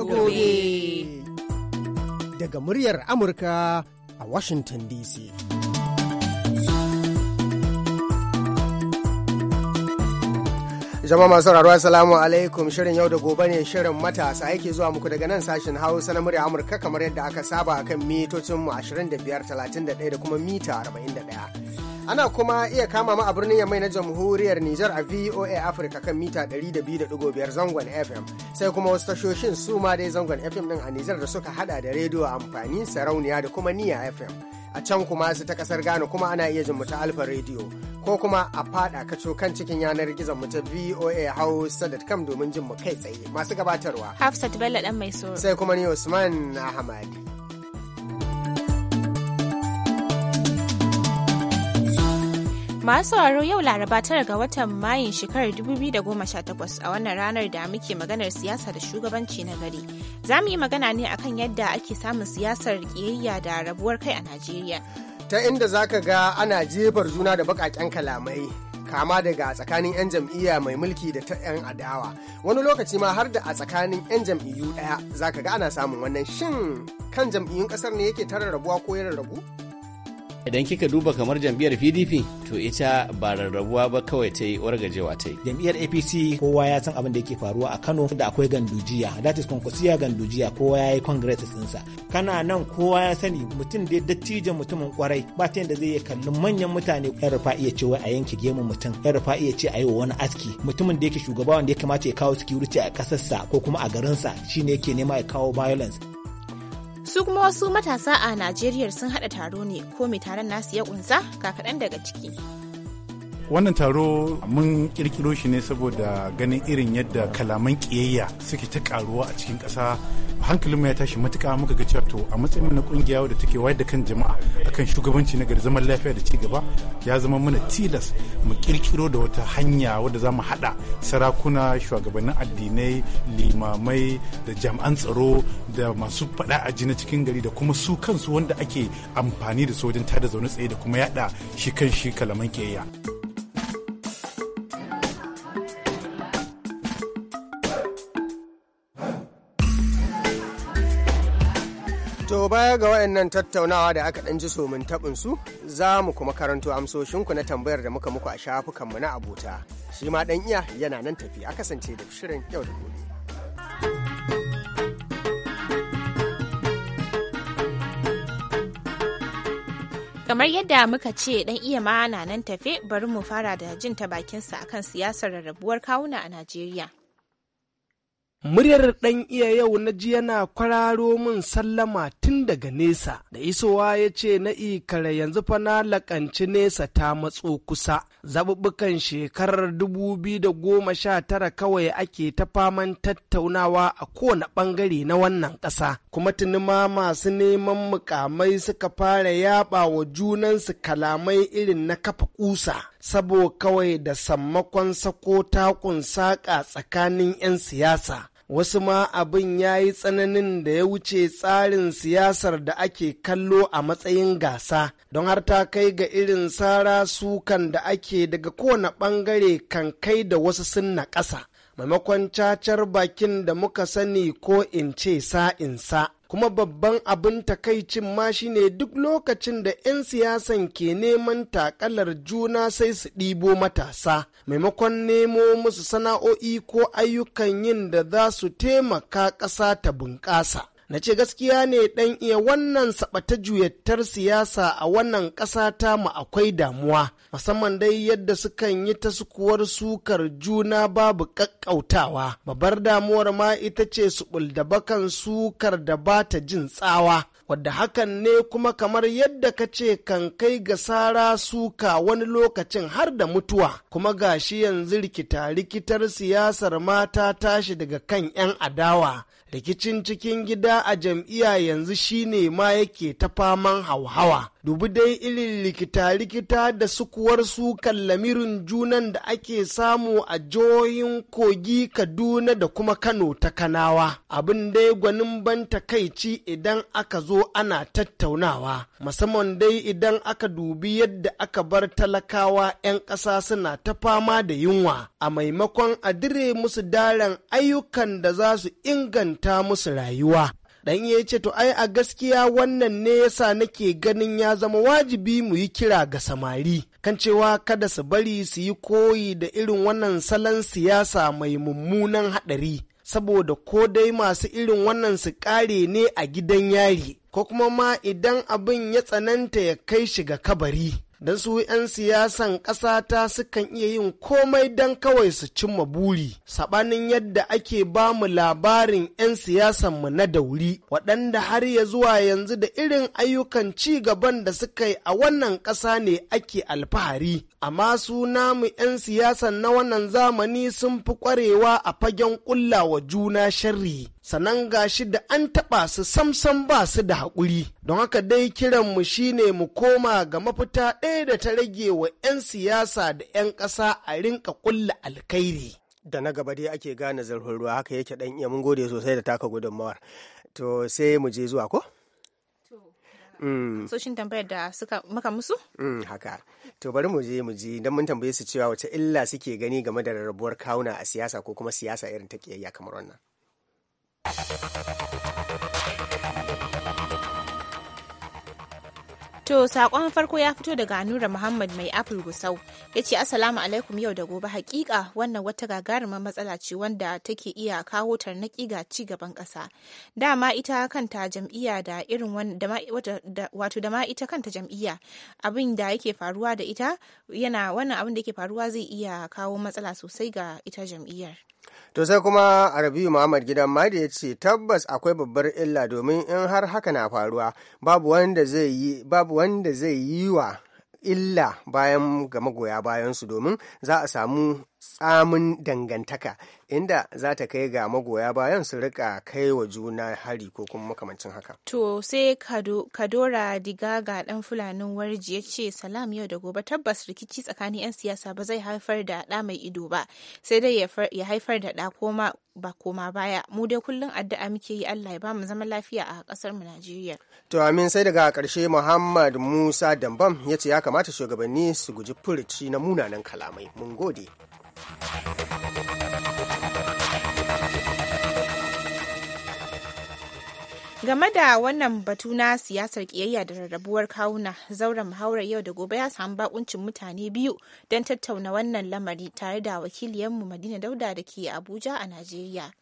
da gobe. Daga muryar Amurka a Washington DC. jama'a masu sauraro 'Salamu alaikum shirin yau da gobe ne shirin matasa yake zuwa muku daga nan sashen hausa na murya amurka kamar yadda aka saba akan mitocin mu 25 31 da kuma mita 41 Ana kuma iya kama ma a birnin Yamai na Jamhuriyar Nijar a VOA Africa kan mita 200.5 zangon FM. Sai kuma wasu tashoshin su ma dai zangon FM din a Nijar da suka hada da rediyo amfani sarauniya da kuma niya FM. A can kuma su ta kasar Ghana kuma ana iya jin mu ta Alfa rediyo ko kuma a fada kaco kan cikin yanar gizon mu ta VOA Hausa.com domin jin mu kai tsaye. Masu gabatarwa. Hafsat Bello dan mai Sai kuma ni Usman Ahmad. Masu sauraro yau Laraba tara ga watan Mayin shekarar 2018 a wannan ranar da muke maganar siyasa da shugabanci na gari. Za mu yi magana ne akan yadda ake samun siyasar kiyayya da rabuwar kai a Najeriya. Ta inda za ka ga ana jefar juna da bakaken kalamai. kama daga tsakanin 'yan jam'iyya mai mulki da ta 'yan adawa wani lokaci ma har da a tsakanin 'yan jam'iyyu daya za ka ga ana samun wannan shin kan jam'iyyun kasar ne yake tara rabuwa ko ya rabu? idan kika duba kamar jam'iyyar pdp to ita ba rarrabuwa ba kawai ta yi wargajewa ta yi jam'iyyar apc kowa ya san abin da yake faruwa a kano da akwai gandujiya that is kwankwasiya gandujiya kowa ya yi congress ɗinsa kana nan kowa ya sani mutum da dattijan mutumin kwarai ba ta yadda zai kalli manyan mutane yan rufa iya ce wai a yanke gemun mutum yan rufa iya ce a yi wa wani aski mutumin da yake shugaba wanda ya kamata ya kawo security a kasarsa ko kuma a garinsa shine yake nema ya kawo violence Su kuma wasu matasa a Najeriya sun haɗa taro ne ko mai taron nasu ya ƙunsa ga daga ciki. wannan taro mun kirkiro shi ne saboda ganin irin yadda kalaman kiyayya suke ta karuwa a cikin ƙasa hankalinmu ya tashi matuka muka ga cewa to a matsayin na kungiya wadda take wayar da kan jama'a akan shugabanci na gari zaman lafiya da cigaba ya zama mana tilas mu kirkiro da wata hanya wadda za mu haɗa sarakuna shugabannin addinai limamai da jami'an tsaro da masu faɗa a na cikin gari da kuma su kansu wanda ake amfani da su wajen tada zaune tsaye da kuma yaɗa shi kan shi kalaman kiyayya. baya ga waɗannan tattaunawa da aka ɗan ji somin taɓin su za mu kuma karanto amsoshinku na tambayar da muka muku a shafukanmu na abota. Shi ma ɗan iya yana nan tafi a kasance da shirin yau da gobe. kamar yadda muka ce dan iya ma na nan tafe bari mu fara da jin ta bakinsa akan siyasar rarrabuwar kawuna a najeriya Muryar ɗan iya yau na ji yana kwararo min sallama tun daga nesa, da isowa ya ce na ikara yanzu fa na lakanci nesa ta matso kusa. Zaɓuɓɓukan shekarar da goma sha tara kawai ake ta faman tattaunawa a kowane ɓangare na wannan ƙasa, kuma tuni ma masu neman mukamai suka fara yaɓa wa junansu kalamai irin na kafa kusa. Sabo kawai da sammakon sako takun saƙa tsakanin 'yan siyasa. wasu ma abin ya yi tsananin da ya wuce tsarin siyasar da ake kallo a matsayin gasa don har ta kai ga irin tsara sukan da ake daga kowane bangare kan kai da wasu sun na ƙasa maimakon cacar bakin da muka sani ko in ce sa sa'insa kuma babban abin takaicin ma shine duk lokacin da 'yan siyasan ke neman takalar juna sai su ɗibo matasa maimakon nemo musu sana'o'i ko ayyukan yin da za su taimaka ƙasa ta bunƙasa na ce gaskiya ne ɗan iya wannan saɓata juyattar siyasa a wannan ƙasa ta mu akwai damuwa musamman dai yadda sukan yi ta sukuwar sukar juna babu ƙaƙƙautawa babbar damuwar ma ita ce su buldabakan sukar da ba ta jin tsawa wadda hakan ne kuma kamar yadda ka ce kan kai ga sara suka wani lokacin har da mutuwa kuma ga shi yanzu rikita rikitar siyasar mata tashi daga kan 'yan adawa rikicin cikin gida a jam'iyya yanzu shine ma yake ta faman hauhawa dubi dai irin likita-likita da sukuwarsu kan lamirin junan da ake samu a jihohin kogi kaduna da kuma kano ta kanawa abin dai gwanin ban takaici idan aka zo ana tattaunawa musamman dai idan aka dubi yadda aka bar talakawa 'yan ƙasa suna ta fama da yunwa a maimakon a dire musu daren ayyukan da za su inganta musu rayuwa dan ya ce to ai a gaskiya wannan ne yasa nake ganin ya zama wajibi mu yi kira ga samari kan cewa kada su bari su yi koyi da irin wannan salon siyasa mai mummunan haɗari. saboda ko dai masu irin wannan su kare ne a gidan yari ko kuma ma idan abin ya tsananta ya kai shi ga kabari da su 'yan siyasan ƙasa ta sukan iya yin komai don kawai su cimma buri saɓanin yadda ake ba mu labarin 'yan siyasan mu na dauri waɗanda har ya zuwa yanzu da irin ayyukan ci gaban da suka yi a wannan ƙasa ne ake alfahari amma su namu 'yan siyasan na wannan zamani sun fi ƙwarewa a fagen ƙulla wa juna sharri sannan ga shi da an taɓa su samsam ba su da haƙuri don haka dai kiran mu shine mu koma ga mafita ɗaya da ta rage wa 'yan siyasa da 'yan ƙasa a rinka ƙulla alkairi da na gaba dai ake gane zarfin ruwa haka yake dan iya mun gode sosai da taka gudunmawar to sai mu je zuwa ko mm. soshin tambayar da suka maka musu? Mm, haka to bari mu je mu je don mun tambaye su cewa wace illa suke gani game da rarrabuwar kawuna a siyasa ko kuma siyasa irin ta kiyayya kamar wannan To sakon farko ya fito daga Anura Muhammad mai Apple Gusau ya ce Assalamu alaikum yau da gobe hakika wannan wata gagarumar matsala ce wanda take iya kawo tarnaki ga ci gaban ƙasa. Dama ita kanta jam'iyya da irin wato da ma ita kanta jam'iyya abin da yake faruwa da ita yana wannan abin da yake faruwa zai iya kawo matsala sosai ga ita jam'iyyar. To sai kuma arabiyu Muhammad Gidan Madi ya ce tabbas akwai babbar illa domin in har haka na faruwa babu wanda zai yi babu wanda zai yi wa illa bayan ga magoya bayansu domin za a samu tsamin dangantaka inda za ta kai ga magoya bayan su rika kai wa juna hari ko kuma makamancin haka. To sai Kadora Digaga dan Fulanin Warji ya ce salam yau da gobe tabbas rikici tsakanin 'yan siyasa ba zai haifar da ɗa mai ido ba sai dai ya haifar da ɗa koma ba koma baya mu dai kullum addu'a muke yi Allah ya ba mu zaman lafiya a kasar mu Najeriya. To amin sai daga karshe Muhammad Musa Dambam ya ce ya kamata shugabanni su guji furuci na munanan kalamai. Mun gode. game da wannan batu na siyasar kiyayya da rarrabuwar kawuna zauren muhawarar yau da gobe ya samu bakuncin mutane biyu don tattauna wannan lamari tare da wakiliyanmu madina dauda da ke abuja a najeriya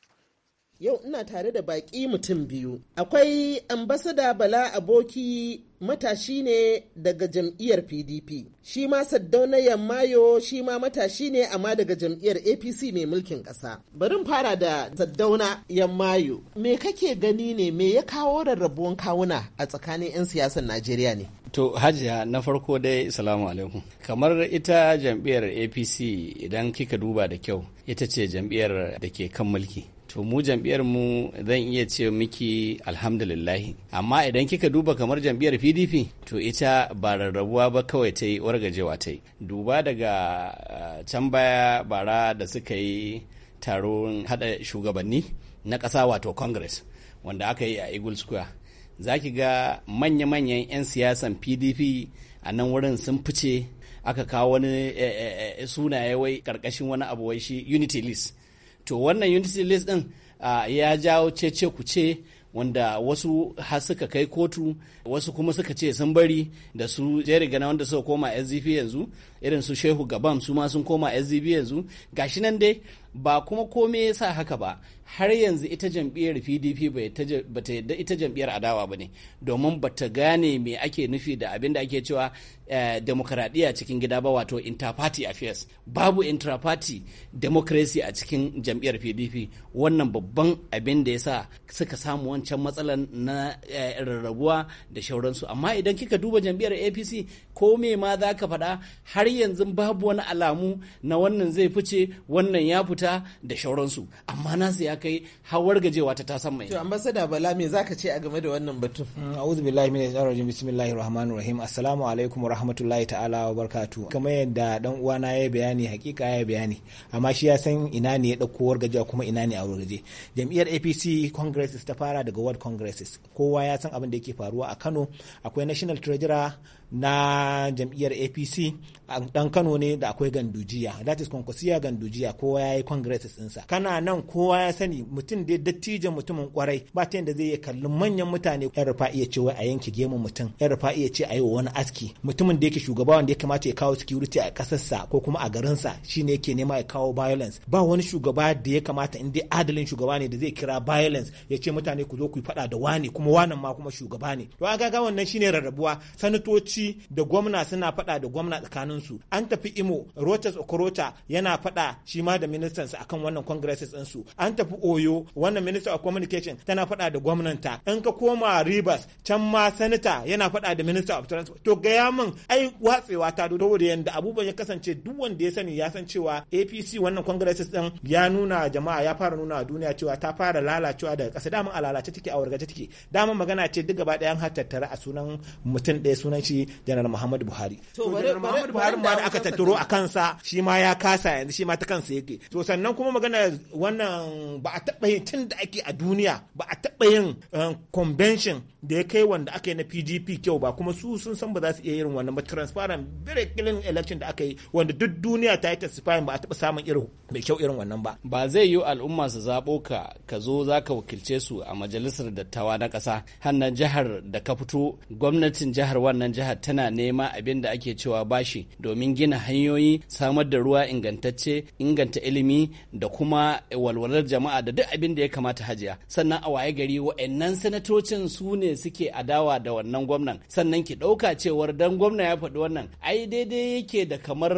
yau ina tare da baƙi mutum biyu. Akwai ambasada Bala Aboki matashi ne daga jam'iyyar PDP. Shi ma Saddauna Yammayo shi ma matashi ne amma daga jam'iyyar APC mai mulkin ƙasa. Barin fara da Saddauna Yammayo. Me kake gani ne me ya kawo rarrabuwan kawuna a tsakanin 'yan siyasar Najeriya ne? To hajiya na farko dai salamu alaikum. Kamar ita jam'iyyar APC idan kika duba da kyau ita ce jam'iyyar da ke kan mulki. To mu jam'iyyar mu zan iya ce miki alhamdulillahi. Amma idan kika duba kamar jam'iyyar PDP to ita ba rarrabuwa ba kawai ta yi wargajewa ta yi. Duba daga eh, can baya bara da suka yi taron haɗa shugabanni na ƙasa wato Congress wanda aka yi a Eagle Square. za ki ga manya-manyan 'yan siyasan pdp a nan wurin sun fice aka kawo wani eh, eh, eh, sunaye wai karkashin wani abu wai shi unity list to wannan unity list din ya jawo cece ku ce wanda wasu har suka kai kotu wasu kuma suka ce sun bari da su jere gana wanda suka koma sdp yanzu irin su shehu gabam su ma sun koma sdp yanzu gashi nan dai ba kuma kome ya sa haka ba har yanzu ita jam'iyyar pdp ba ta yadda ita jam'iyyar adawa ba ne domin ba ta gane me ake nufi da abin da ake cewa eh, demokaradiyya cikin gida ba wato interparty affairs babu interparty democracy a cikin jam'iyyar pdp wannan babban abin da ya sa suka samu wancan matsalar na eh, rarrabuwa da shauransu amma idan kika duba jam'iyyar apc ko me ma za ka faɗa har yanzu babu wani alamu na wannan zai fice wannan ya fita wuta da shauransu amma nasu ya kai hawar gajewa ta tasan mai to ambassador bala me zaka ce a game da wannan batun a'udhu billahi minash shaitanir rajim bismillahir rahmanir rahim assalamu alaikum warahmatullahi ta'ala wa barakatuh kamar yadda dan uwana ya bayani hakika ya bayani amma shi ya san ina ne ya dauko gajewa kuma ina ne a gaje jam'iyyar APC congresses ta fara daga world congresses kowa ya san abin da yake faruwa a Kano akwai national treasurer na jam'iyyar apc dan kano ne da akwai gandujiya that is kwankwasiya gandujiya kowa ya yi congress ɗinsa kana nan kowa ya sani mutum da dattijan mutumin kwarai ba ta yadda zai kalli manyan mutane yan rufa iya ce wai a yanke gemun mutum yan rufa iya ce a yi wa wani aski mutumin da yake shugaba wanda ya kamata ya kawo security a sa ko kuma a garinsa shine yake nema ya kawo violence ba wani shugaba da ya kamata in dai adalin shugaba ne da zai kira violence ya ce mutane ku zo ku yi faɗa da wani kuma wannan ma kuma shugaba ne to ga wannan shine rarrabuwa sanatoci bauchi da gwamna suna faɗa da gwamna tsakaninsu an tafi imo rotas Okorocha yana faɗa shi ma da ministansa akan wannan congresses ɗinsu an tafi oyo wannan minister of communication tana faɗa da gwamnanta in ka koma rivers can ma senator yana faɗa da minister of transport to gaya min ai watsewa ta dodo da yanda abubuwan ya kasance duk wanda ya sani ya san cewa apc wannan congresses ɗin ya nuna jama'a ya fara nuna duniya cewa ta fara lalacewa daga ƙasa daman a lalace take a wargaje take daman magana ce duk gaba ɗayan har tattara a sunan mutum ɗaya sunan shi janar muhammadu buhari to janar muhammadu buhari ma da aka tattaro a kansa shi ma ya kasa yanzu shi ma ta kansa yake to sannan kuma magana wannan ba a taɓa yin tun da ake a duniya ba a taɓa yin eh, convention da ya kai wanda aka yi na pdp kyau ba kuma su sun san ba za su iya yin wannan ba transparent very clean election da aka yi wanda duk duniya ta yi testifying ba a taɓa samun irin mai kyau irin wannan ba ba zai yi al'umma su zaɓo ka ka zo za ka wakilce su a majalisar dattawa na ƙasa hannan jihar da ka fito gwamnatin jihar wannan jihar tana nema abin da ake cewa bashi domin gina hanyoyi samar da ruwa ingantacce inganta ilimi da kuma walwalar jama'a da duk abin da ya kamata hajiya sannan a waye gari wa'annan sanatocin su ne suke adawa da wannan gwamnan sannan ki ɗauka cewar dan gwamna ya faɗi wannan ai daidai yake da kamar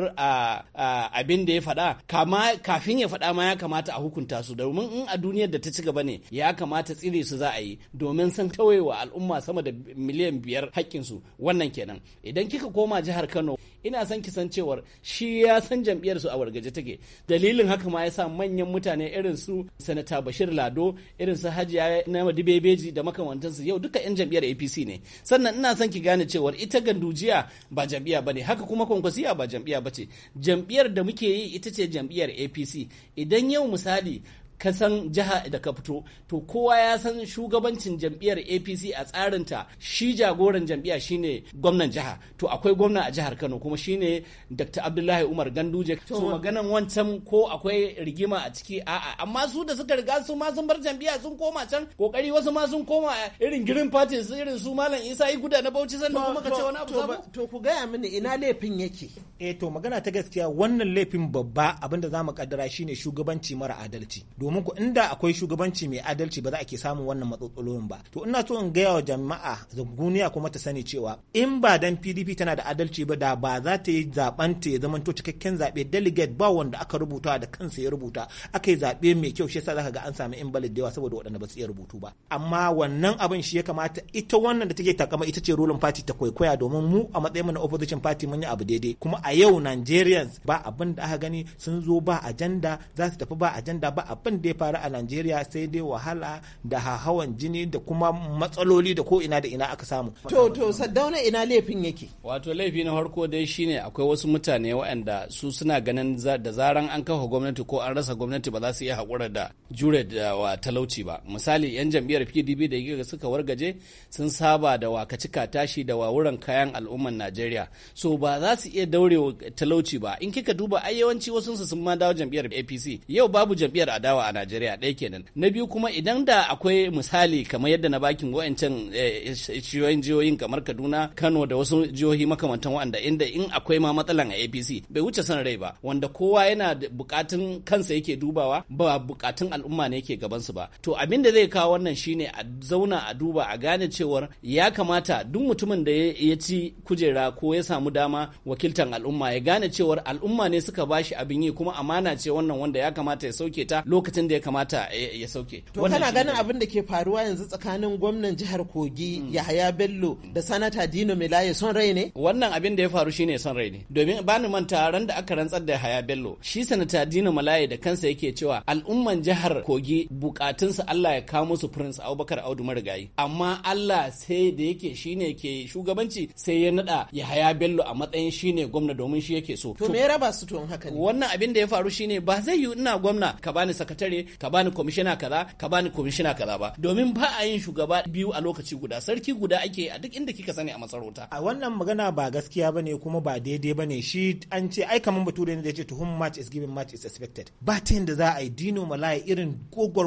abin da ya faɗa kama kafin ya faɗa ma ya kamata a hukunta su domin in a duniyar da ta ci gaba ne ya kamata tsire su za a yi domin sun tawaye wa al'umma sama da miliyan biyar haƙƙinsu wannan kenan kenan idan kika koma jihar Kano ina son ki san cewar shi ya san jam'iyyar su a wargaje take dalilin haka ma ya sa manyan mutane irin su sanata Bashir Lado irin su Hajiya na madibebeji da makamantansu yau duka yan jam'iyyar APC ne sannan ina son ki gane cewar ita gandujiya ba jam'iyya ba ne haka kuma kwankwasiya ba jam'iyya ba ce jam'iyyar da muke yi ita ce jam'iyyar APC idan yau misali ka san jiha da ka fito to kowa ya san shugabancin jam'iyyar apc a tsarinta shi jagoran jam'iyya shine gwamnan jiha to akwai gwamna a jihar kano kuma shine dr abdullahi umar ganduje so maganan wancan ko akwai rigima a ciki a'a amma su da suka riga su ma sun bar jam'iyya sun koma can kokari wasu ma sun koma irin girin party su irin su malam isa yi guda na bauchi sannan kuma ka ce wani abu sabo to ku gaya mini ina laifin yake eh to magana ta gaskiya wannan laifin babba abinda zamu kaddara shine shugabanci mara adalci domin ku inda akwai shugabanci mai adalci ba za a ke samun wannan matsalolin ba to ina so in gaya wa jama'a duniya kuma ta sani cewa in ba dan PDP tana da adalci ba da ba za ta yi zaben ta ya zamanto cikakken zabe delegate ba wanda aka rubuta da kansa ya rubuta aka yi zaɓe mai kyau shi yasa zaka ga an samu invalid da yawa saboda waɗanda ba su iya rubutu ba amma wannan abin shi ya kamata ita wannan da take takama ita ce ruling party ta kwaikwaya domin mu a matsayin mu na opposition party mun yi abu daidai kuma a yau Nigerians ba abin da aka gani sun zo ba ajanda za su tafi ba ajanda ba abin da ya faru a najeriya sai dai wahala da hawan jini da kuma matsaloli da ko ina da ina aka samu to to saddauna ina laifin yake wato laifi na farko dai shine akwai wasu mutane waɗanda su suna ganin da zaran an kafa gwamnati ko an rasa gwamnati ba za su iya haƙura da jure da wa talauci ba misali yan jam'iyyar pdp da suka wargaje sun saba da wa kacika tashi da wawuran kayan al'umman najeriya so ba za su iya daurewa talauci ba in kika duba ai yawanci wasu sun ma dawo jam'iyyar apc yau babu jam'iyyar adawa a Najeriya ɗaya kenan. Na biyu kuma idan da akwai misali kamar yadda na bakin wa'ancan eh, shiyoyin jihohin kamar Kaduna, Kano da wasu jihohi makamantan wa'anda inda in akwai ma matsalan a APC bai wuce san rai ba wanda kowa yana bukatun kansa yake dubawa ba bukatun al'umma ne yake su ba. To abin da zai kawo wannan shine a zauna a duba a gane cewar ya kamata duk mutumin da ya ci kujera ko ya samu dama wakiltan al'umma ya gane cewar al'umma ne suka bashi abin yi kuma amana ce wannan wanda ya kamata ya sauke ta lokacin lokacin da ya kamata ya sauke. To kana ganin abin da ke faruwa yanzu tsakanin gwamnan jihar Kogi hmm. Yahaya Bello da sanata Dino Melaye son rai ne? Wannan abin da ya faru shine son rai ne. Domin bani manta ran da aka rantsar da Yahaya Bello shi sanata Dino Melaye da kansa yake cewa al'umman jihar Kogi bukatunsa Allah ya kawo musu Prince Abubakar Audu Marigayi. Amma Allah sai da yake shine ke shugabanci sai ya nada Yahaya Bello a matsayin shine gwamna domin shi yake so. To me ya raba su to haka ne? Wannan abin da ya faru shine ba zai yi ina gwamna ka bani sakata sakatare ka bani kwamishina kaza ka bani kwamishina kaza ba domin ba a yin shugaba biyu a lokaci guda sarki guda ake a duk inda kika sani a masarauta a wannan magana ba gaskiya bane kuma ba daidai bane shi an ce ai kaman bature ne da yace ce to whom match is given match is expected ba ta yadda za a yi dino malaya irin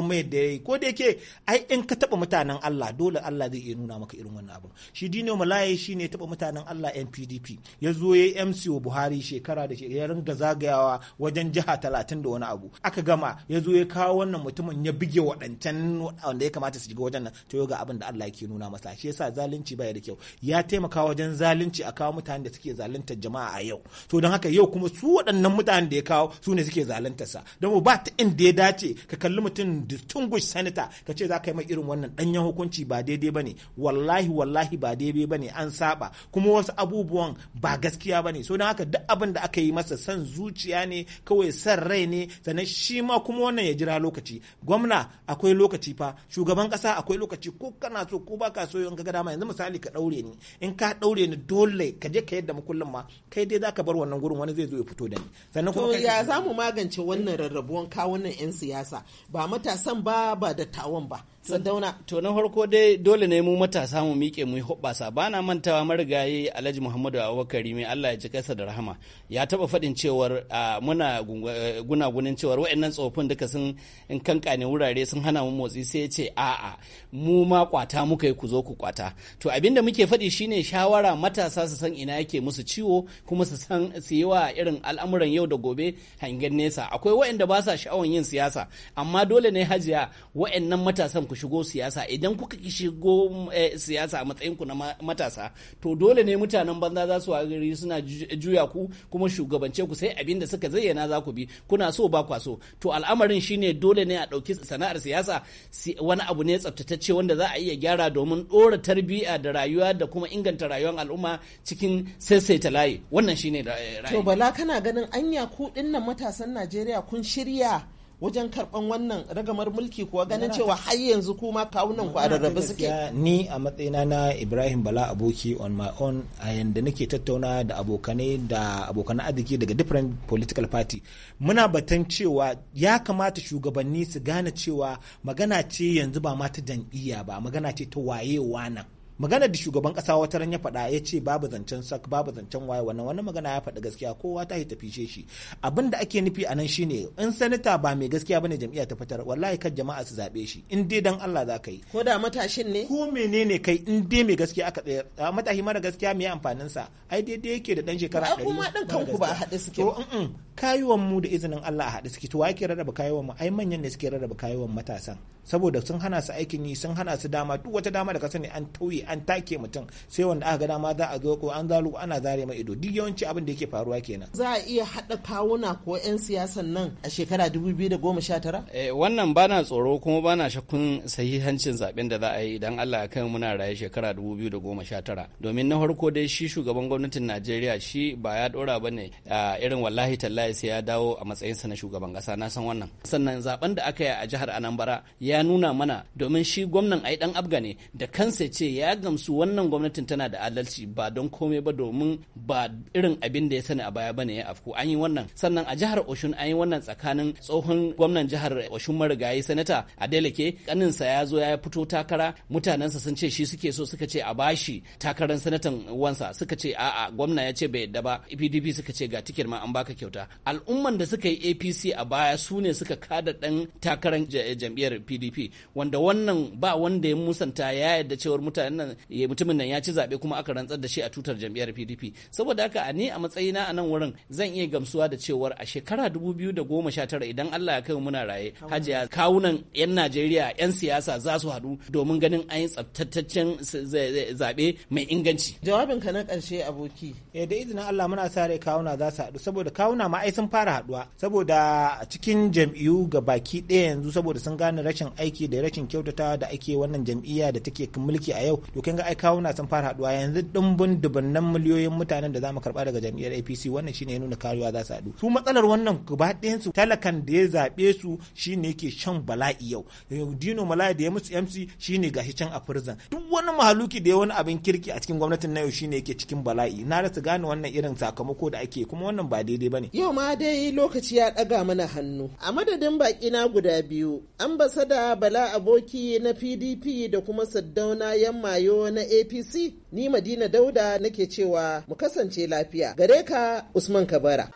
mai da yayi ko da yake ai in ka taba mutanen Allah dole Allah zai iya nuna maka irin wannan abu shi dino malaya shine taba mutanen Allah NPDP ya zo ya yi MCO Buhari shekara da shekara ya ringa zagayawa wajen jiha talatin da wani abu aka gama ya zo ya ya kawo wannan mutumin ya buge waɗancan wanda ya kamata su shiga wajen nan to ga abin da Allah yake nuna masa shi yasa zalunci baya da kyau ya taimaka wajen zalunci a kawo mutanen da suke zaluntar jama'a a yau to don haka yau kuma su waɗannan mutanen da ya kawo su ne suke zaluntar sa don ba ta inda ya dace ka kalli mutum distinguished senator ka ce za ka yi mai irin wannan ɗanyen hukunci ba daidai bane wallahi wallahi ba daidai bane an saba kuma wasu abubuwan ba gaskiya bane so don haka duk abin da aka yi masa san zuciya ne kawai san rai ne sannan shi ma kuma wannan ya ya jira lokaci gwamna akwai lokaci fa shugaban kasa akwai lokaci ko kana so ko baka so in ka ga dama yanzu misali ka daure ni in ka daure ni dole ka je ka yadda kullum ma kai dai zaka bar wannan gurin wani zai zo ya fito da ni sannan kuma ya zamu magance wannan rarrabuwan ka wannan yan siyasa ba matasan ba ba da tawon ba Sadauna, to na farko dai dole ne mu matasa mu miƙe mu yi hoɓɓasa ba na mantawa marigayi Alhaji Muhammadu abubakar mai Allah ya ji kasa da rahama ya taɓa faɗin cewar muna gunagunin cewar waɗannan tsofin duka sun in ne wurare sun hana mu motsi sai ya ce a'a mu ma kwata muka yi ku zo ku kwata to abinda muke faɗi shine shawara matasa su san ina yake musu ciwo kuma su san su yi wa irin al'amuran yau da gobe hangen nesa akwai waɗanda ba sa sha'awan yin siyasa amma dole ne hajiya waɗannan matasan ku ku shigo siyasa idan kuka ki shigo eh, siyasa a matsayin ku na matasa to dole ne mutanen banza za su gari suna juya ku kuma shugabance ku sai abin da suka zayyana za ku bi kuna so ba kwa so to al'amarin shine dole ne a ɗauki sana'ar siyasa wani abu ne tsaftatacce wanda za a iya gyara domin ɗora tarbiyya da rayuwa da kuma inganta rayuwar al'umma cikin sassaita layi wannan shine eh, ra'ayi to bala kana ganin anya ku dinnan matasan Najeriya kun shirya wajen karban wannan ragamar mulki kuwa ganin cewa har yanzu kuma kawunan ku a rarrabe suke ni a matsayina na Ibrahim Bala aboki on my own a yanda nake tattauna da abokanai da abokan arziki daga different political party muna batan cewa ya kamata shugabanni su gane cewa magana ce yanzu ba ma ta jam'iyya ba magana ce ta wayewa nan maganar da shugaban kasa wata ran ya faɗa ya ce babu zancen sak babu zancen waye wannan wannan magana ya faɗi gaskiya kowa ta yi tafi shi abin da ake nufi a nan shine in sanita ba mai gaskiya bane jam'iyya ta fitar wallahi kan jama'a su zabe shi in dai dan Allah za ka yi ko da matashin ne ko menene kai in dai mai gaskiya aka tsayar matashi mara gaskiya mai amfanin sa ai daidai yake da dan shekara 100 kuma din kanku ba haɗe suke to kayuwan mu da izinin Allah a haɗe suke to yake rarraba kayuwan mu ai manyan ne suke rarraba kayuwan matasan saboda sun hana su aikin yi sun hana su dama duk wata dama da ka sani an tauye an take mutum sai wanda aka ga dama za a zo ko an zalu ana zare mai ido duk yawanci abin da yake faruwa kenan za a iya haɗa kawuna ko 'yan siyasan nan a shekara 2019 eh wannan bana tsoro kuma bana shakkun sahihancin zaben da za a yi idan Allah ya kai muna raye shekara 2019 domin na farko dai shi shugaban gwamnatin Najeriya shi ba ya dora bane irin wallahi tallahi Abdullahi sai ya dawo a matsayinsa na shugaban kasa na san wannan sannan zaben da aka yi a jihar anambra ya nuna mana domin shi gwamnan ai dan abga ne da kansa ce ya gamsu wannan gwamnatin tana da adalci ba don komai ba domin ba irin abin da ya sani a baya bane ya afku an yi wannan sannan a jihar oshun an yi wannan tsakanin tsohon gwamnan jihar oshun marigayi sanata adeleke kaninsa ya zo ya fito takara mutanensa sun ce shi suke so suka ce a bashi takarar sanatan wansa suka ce a'a gwamna ya ce bai yadda ba pdp e suka ce ga tikir ma an baka kyauta al'umman da suka yi apc a baya su ne suka kada ɗan takarar eh, jam'iyyar pdp wanda wannan ba wanda ya musanta ya yadda cewar mutanen nan mutumin nan ya ci zaɓe kuma aka rantsar da shi a tutar jam'iyyar pdp saboda haka a ni a matsayina a nan wurin zan iya gamsuwa da cewar a shekara 2019 idan allah ya kai muna raye hajiya kawunan 'yan najeriya 'yan siyasa za su haɗu domin ganin an yi tsabtataccen zaɓe mai inganci jawabin ka na ƙarshe aboki eh, da izinin allah muna sa rai kawuna za su haɗu saboda kawuna ma ai sun fara haduwa saboda a cikin jam'iyyu ga baki ɗaya yanzu saboda sun gane rashin aiki da rashin kyautatawa da ake wannan jam'iyya da take mulki a yau to kin ga ai kawuna sun fara haduwa yanzu dimbin dubannan miliyoyin mutanen da zamu karba daga jam'iyyar APC wannan shine ya nuna kariya za su haɗu su matsalar wannan gaba ɗayan su talakan da ya zaɓe su shine yake shan bala'i yau Dino mala da ya musu MC shine gashi can a prison duk wani mahaluki da ya wani abin kirki a cikin gwamnatin na yau shine yake cikin bala'i na rasa gane wannan irin sakamako da ake kuma wannan ba daidai bane yau ma dai lokaci ya ɗaga mana hannu a madadin baki na guda biyu ambasada bala aboki na pdp da kuma saddauna yan mayo na apc ni madina dauda nake cewa mu kasance lafiya gare ka usman kabara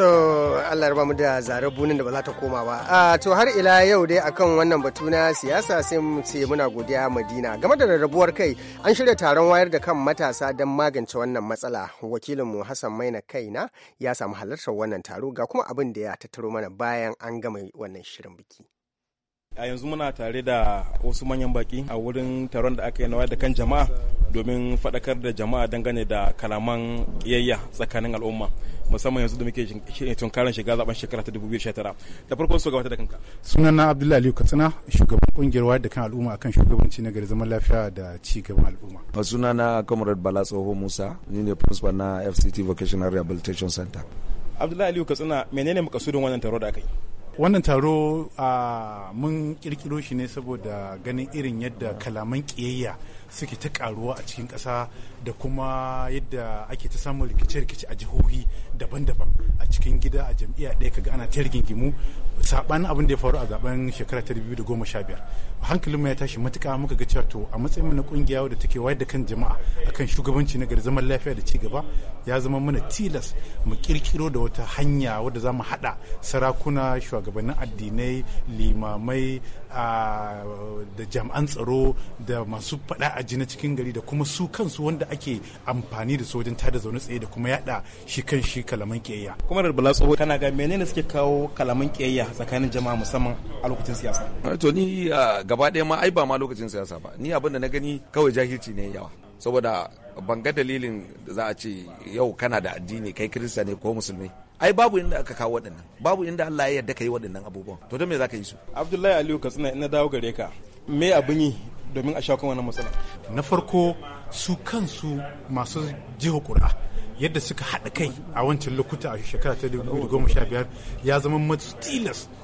to Allah ya mu da zarar bunin da ba za ta koma ba a to har ila yau dai akan wannan batu na siyasa sai mu ce muna godiya Madina game da rarrabuwar kai an shirya taron wayar da kan matasa don magance wannan matsala wakilin mu Hassan Maina kaina ya samu halartar wannan taro ga kuma abin da ya tattaro mana bayan an gama wannan shirin biki a yanzu muna tare da wasu manyan baki a wurin taron da aka yi na da kan jama'a domin faɗakar da jama'a dangane da kalaman yayya tsakanin al'umma musamman yanzu da muke tunkarar shiga zaben shekara ta 2019 da farko su ta da kanka sunana abdullahi aliyu katsina shugaban kungiyar wayar da kan al'umma akan shugabanci na gari zaman lafiya da ci gaban al'umma a na comrade bala tsoho musa ni ne principal na fct vocational rehabilitation center abdullahi aliyu katsina menene makasudin wannan taro da aka yi wannan taro ah, mun kirkiro shi ne saboda ganin irin yadda kalaman kiyayya suke ta karuwa a cikin ƙasa da kuma yadda ake ta samun rikice-rikice a jihohi daban-daban a cikin gida a jam'iyya ɗaya kaga ana ta rigingimu saɓanin abin da ya faru a zaben shekara ta 2015 hankalinmu ya tashi matuka muka ga cewa to a matsayin na kungiya da take wayar da kan jama'a akan shugabanci na gari zaman lafiya da cigaba ya zama mana tilas mu kirkiro da wata hanya wadda za mu haɗa sarakuna shugabannin addinai limamai da jami'an tsaro da masu faɗa a jina cikin gari da kuma su kansu wanda ake amfani da su wajen tada zaune tsaye da kuma yaɗa shi kan shi kalaman kiyayya. kuma da bala tsoho tana ga menene suke kawo kalaman ƙiyayya tsakanin jama'a musamman a lokacin siyasa. to ni gaba ɗaya ma ai ba ma lokacin siyasa ba ni abin da na gani kawai jahilci ne yawa saboda ban ga dalilin za a ce yau kana da addini kai kirista ne ko musulmi ai babu inda aka kawo waɗannan babu inda Allah ya yarda ka yi waɗannan abubuwan to don me za ka yi su Abdullahi Aliyu Katsina ina dawo gare ka me abin yi domin a shakon wannan matsala na farko su kansu masu jiha ƙura yadda suka haɗa kai a wancan lokuta a shekara ta 2015 ya zama masu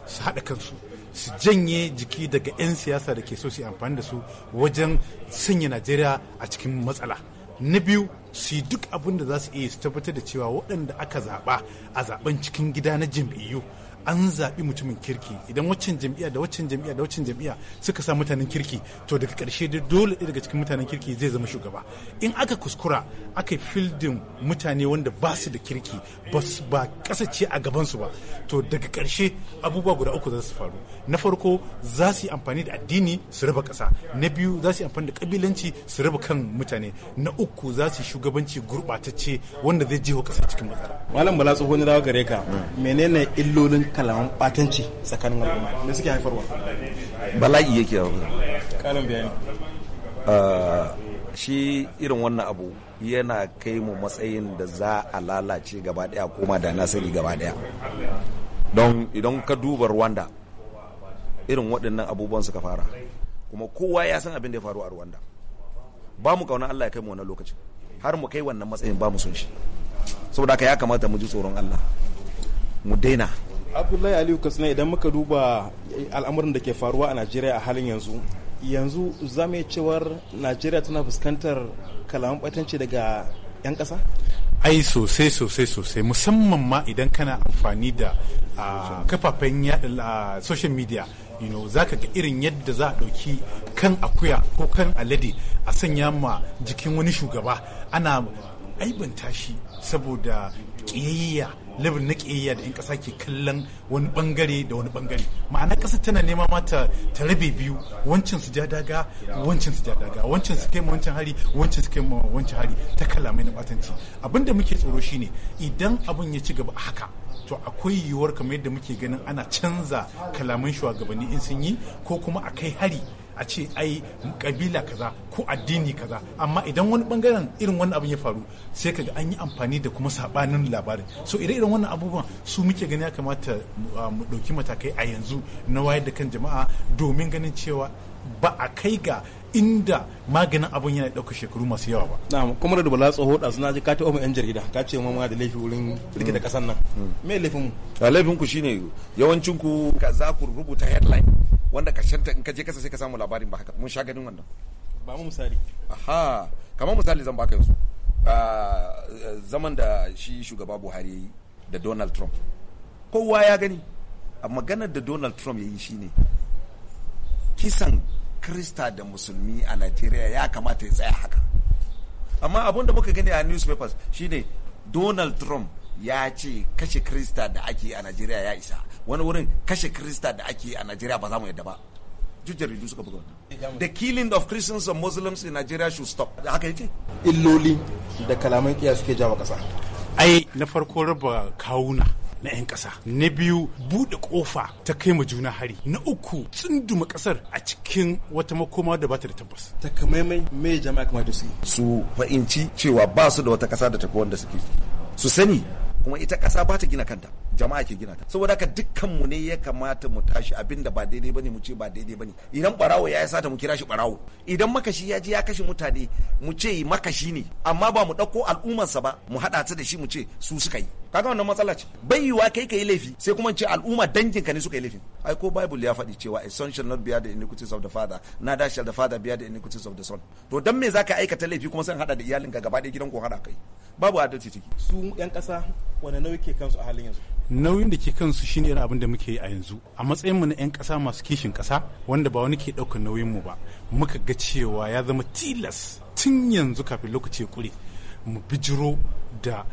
su haɗa kansu su janye jiki daga 'yan siyasa da ke so su amfani da su wajen sanya najeriya a cikin matsala na biyu su yi duk abin da za su iya su tabbatar da cewa waɗanda aka zaɓa a zaɓen cikin gida na jam'iyyu an zaɓi mutumin kirki idan waccan jam'iyya da waccan jam'iyya da waccan jam'iyya suka sa mutanen kirki to daga ƙarshe da dole ɗaya daga cikin mutanen kirki zai zama shugaba in aka kuskura aka yi fildin mutane wanda ba su da kirki ba ba kasace a gabansu ba to daga ƙarshe abubuwa guda uku za su faru na farko za su yi amfani da addini su raba ƙasa na biyu za su yi amfani da ƙabilanci su raba kan mutane na uku za su yi shugabanci gurɓatacce wanda zai jiho ƙasa cikin matsala malam bala tsohon dawo gare ka mm. menene illolin kalaman batanci tsakanin al'umma da suke haifarwa bala'i yake karin bayani ah, shi irin wannan abu yana kai mu matsayin da za a lalace gaba daya koma da nasari gaba daya don idan ka duba rwanda irin waɗannan abubuwan suka fara kuma kowa ya san abin da ya faru a rwanda ba mu kauna allah ya kai mu wannan lokacin har mu kai wannan matsayin ba mu son shi saboda haka ya kamata mu ji tsoron allah mu daina abdullahi aliyu kasna idan muka duba al'amuran da ke faruwa a najeriya a halin yanzu yanzu za mu cewar najeriya tana fuskantar kalaman batanci daga 'yan ƙasa ai sosai sosai sosai musamman ma idan kana amfani da kafafen yada social media you know za ka ga irin yadda za a ɗauki kan akuya ko kan alade a sanya ma jikin wani shugaba ana aibanta shi saboda ƙiyayya level na ƙiyayya da 'yan ƙasa ke kallon wani bangare da wani bangare ma'ana ƙasa tana nema mata ta rabe biyu wancan su ja daga wancan su ja daga wancan su kai ma wancan hari wancan su kai ma wancan hari ta kalamai na batanci abin da muke tsoro shine idan abin ya ci gaba a haka to akwai yiwuwar kamar yadda muke ganin ana canza kalaman shugabanni in sun yi ko kuma a kai hari a ce ai kabila kaza ko addini kaza amma idan wani bangaren irin wannan abin ya faru sai kaga an yi amfani da kuma sabanin labarin so idan irin wannan abubuwan su muke gani ya kamata ah, mu dauki matakai a yanzu na wayar da kan jama'a domin ganin cewa ba a kai ga inda maganin abun yana ɗauka shekaru masu yawa ba. Na kuma da dubala tsoho da suna ji kati omen 'yan jarida ka ce mu da laifi wurin rike da ƙasar nan. Hmm. Me laifin mu? A laifin ku shine yawancin ku ka za ku rubuta headline wanda ƙarshen ta in ka je kasa sai ka samu labarin ba haka mun sha ganin wannan. Ba mu misali. Aha kamar misali zan baka yanzu. Ah, zaman da shi shugaba Buhari ya yi da Donald Trump. Kowa ya gani. A maganar da Donald Trump ya yi shine kisan krista da musulmi a nigeria ya kamata ya tsaya haka amma abin da muka gani a newspapers shine donald trump ya ce kashe krista da ake a nigeria ya isa wani wurin kashe krista da ake a nigeria ba za mu yadda ba jaridu suka buga wannan the killing of christians and muslims in nigeria should stop da haka yake illoli da kalaman kiya suke jawa kasa ai na farko raba kawuna na 'yan ƙasa na biyu buɗe ƙofa ta kai ma juna hari na uku tsunduma ƙasar a cikin wata makoma da ba ta da tabbas mai mai jama'a kamar da su su fahimci cewa ba su da wata ƙasa da ta wanda suke su sani kuma ita ƙasa ba ta gina kanta jama'a ke gina ta saboda haka dukkan mu ne ya kamata mu tashi abin da ba daidai bane mu ce ba daidai bane idan barawo ya sata mu kira shi barawo idan makashi ya je ya kashe mutane mu ce makashi ne amma ba mu ɗauko al'ummarsa ba mu haɗa ta da shi mu ce su suka yi kaga wannan matsala ce bai yiwa kai kai laifi sai kuma ce al'umma dangin ka ne suka yi laifin ai ko bible ya faɗi cewa a son shall not be the iniquities of the father na da shall the father be the iniquities of the son to dan me zaka aikata laifi kuma san hada da iyalin ka gaba ɗaya gidan ko hada kai babu adalci ciki su yan ƙasa wani nauyi ke kansu a halin yanzu nauyin da ke kansu shine irin abin da muke yi a yanzu a matsayin mu na 'yan ƙasa masu kishin ƙasa wanda ba wani ke ɗaukar nauyin mu ba muka ga cewa ya zama tilas tun yanzu kafin lokaci ya kure mu bijiro da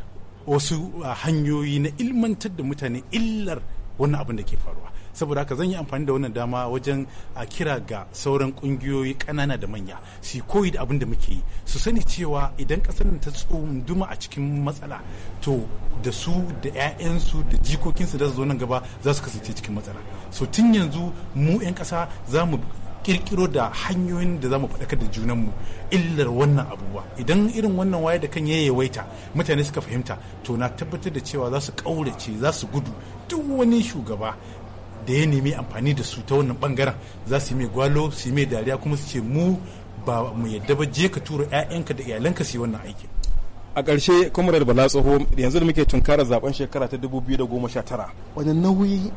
wasu ah, hanyoyi na ilmantar da mutane illar wannan abin da ke faruwa saboda haka zan yi amfani da wannan dama wajen a ah, kira ga sauran kungiyoyi kanana da manya su koyi da abin da muke yi su sani cewa idan kasar ta tsunduma a cikin matsala to da su da 'ya'yansu da jikokinsu da su zo nan gaba za su kasance cikin matsala so tun yanzu mu 'yan kasa za mu kirkiro da hanyoyin da za mu faɗakar da junan mu illar wannan abubuwa idan irin wannan waye da kan yaye yawaita mutane suka fahimta to na tabbatar da cewa za su ƙaurace za su gudu duk wani shugaba da ya nemi amfani da su ta wannan bangaren za su yi mai gwalo su yi mai dariya kuma su ce mu ba mu yadda ba je ka tura 'ya'yanka da iyalanka su yi wannan aikin a ƙarshe kwamarar bala tsoho yanzu da muke tunkarar zaben shekara ta 2019 wani nauyi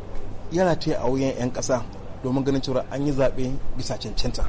yana ta a wuyan 'yan ƙasa domin ganin cewa an yi zaɓe bisa cancanta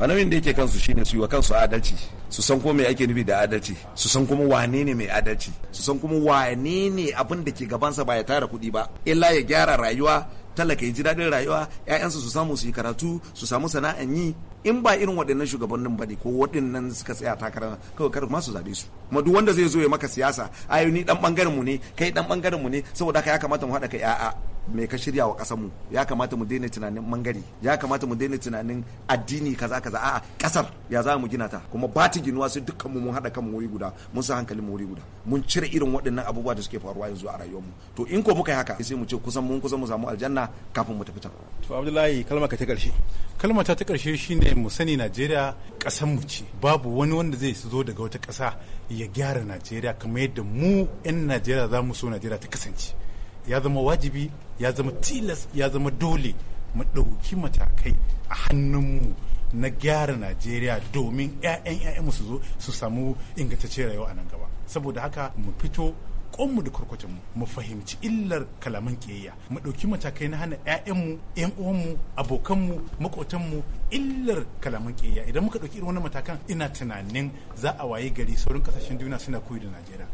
annabin da yake kansu shine su yi wa kansu adalci su san ko me ake nufi da adalci su san kuma wane ne mai adalci su san kuma wane ne abin da ke gabansa ba ya tara kuɗi ba illa ya gyara rayuwa talaka ya ji daɗin rayuwa ƴaƴansu su samu su yi karatu su samu sana'an yi in ba irin waɗannan shugabannin ba ne ko waɗannan suka tsaya takarar kawai kar ma su zaɓe su kuma duk wanda zai zo ya maka siyasa ayo ni dan bangaren mu ne kai dan bangaren mu ne saboda haka ya kamata mu haɗa kai a'a mai ka shirya wa kasar mu ya kamata mu daina tunanin mangari ya kamata mu daina tunanin addini kaza kaza a'a kasar ya za mu gina ta kuma ba ta ginuwa sai dukkan mu mun haɗa kanmu wuri guda mun sa hankalin mu wuri guda mun cire irin waɗannan abubuwa da suke faruwa yanzu a rayuwar mu to in ko muka yi haka sai mu ce kusan mun kusan mu samu aljanna kafin mu tafi can to Abdullahi kalma ka ta ƙarshe kalma ta ta ƙarshe shine mu sani Najeriya kasar mu ce babu wani wanda zai zo daga wata kasa ya gyara najeriya kamar yadda mu 'yan najeriya za mu so najeriya ta kasance ya zama wajibi ya zama tilas ya zama dole mu ɗauki matakai a hannunmu na gyara najeriya domin 'ya'yan mu su zo su samu ingantacciyar rayuwa a nan gaba saboda haka mu fito kwanmu da kwarkwatanmu mu fahimci illar kalaman kiyayya mu ɗauki matakai na hana 'ya'yanmu 'yan uwanmu abokanmu maƙotanmu illar kalaman kiyayya idan muka ɗauki irin wannan matakan ina tunanin za a waye gari sauran kasashen duniya suna koyi da najeriya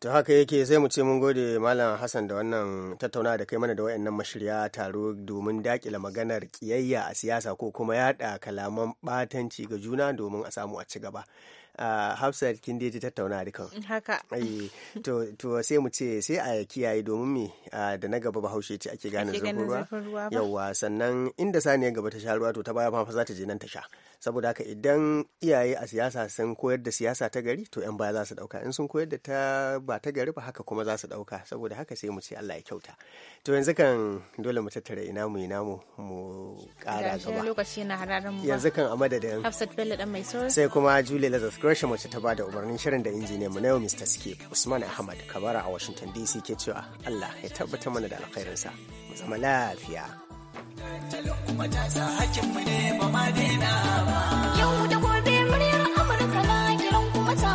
ta haka yake sai mu ce mun gode malam hassan da wannan tattauna da kai mana da wayannan mashirya taro domin dakila maganar kiyayya a siyasa ko kuma yada kalaman batanci ga juna domin a samu a ci gaba hafsa kin dai ji tattauna kan mm, haka to sai mu ce sai a kiyaye domin me da na gaba bahaushe ce ake gane zurfin ruwa yawa sannan inda saniyar gaba ta sha ruwa to ta baya fa za ta je nan ta sha saboda haka idan iyaye a siyasa sun koyar da siyasa ta gari to yan baya za su dauka in sun koyar da ta ba ta gari ba haka kuma za su dauka saboda haka sai mu ce Allah ya kyauta to yanzu kan dole mu tattara ina mu ina mu mu kara gaba yanzu kan a madadin Hafsat Bello dan mai sauri. sai kuma Julie Lazarus Rasha mace ta bada umarnin shirin da injiniyan mu na yau Mr. Skip Usman Ahmad Kabara a Washington DC ke cewa Allah ya tabbata mana da sa. mu zama lafiya. Yau da gobe muryar Amurka na kiran kuma ta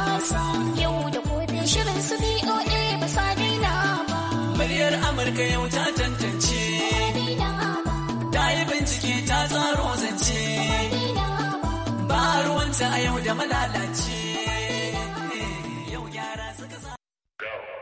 yau da gobe shirin su BOA ba sa daina ba. Muryar Amurka yau ta zumunta a yau da malalaci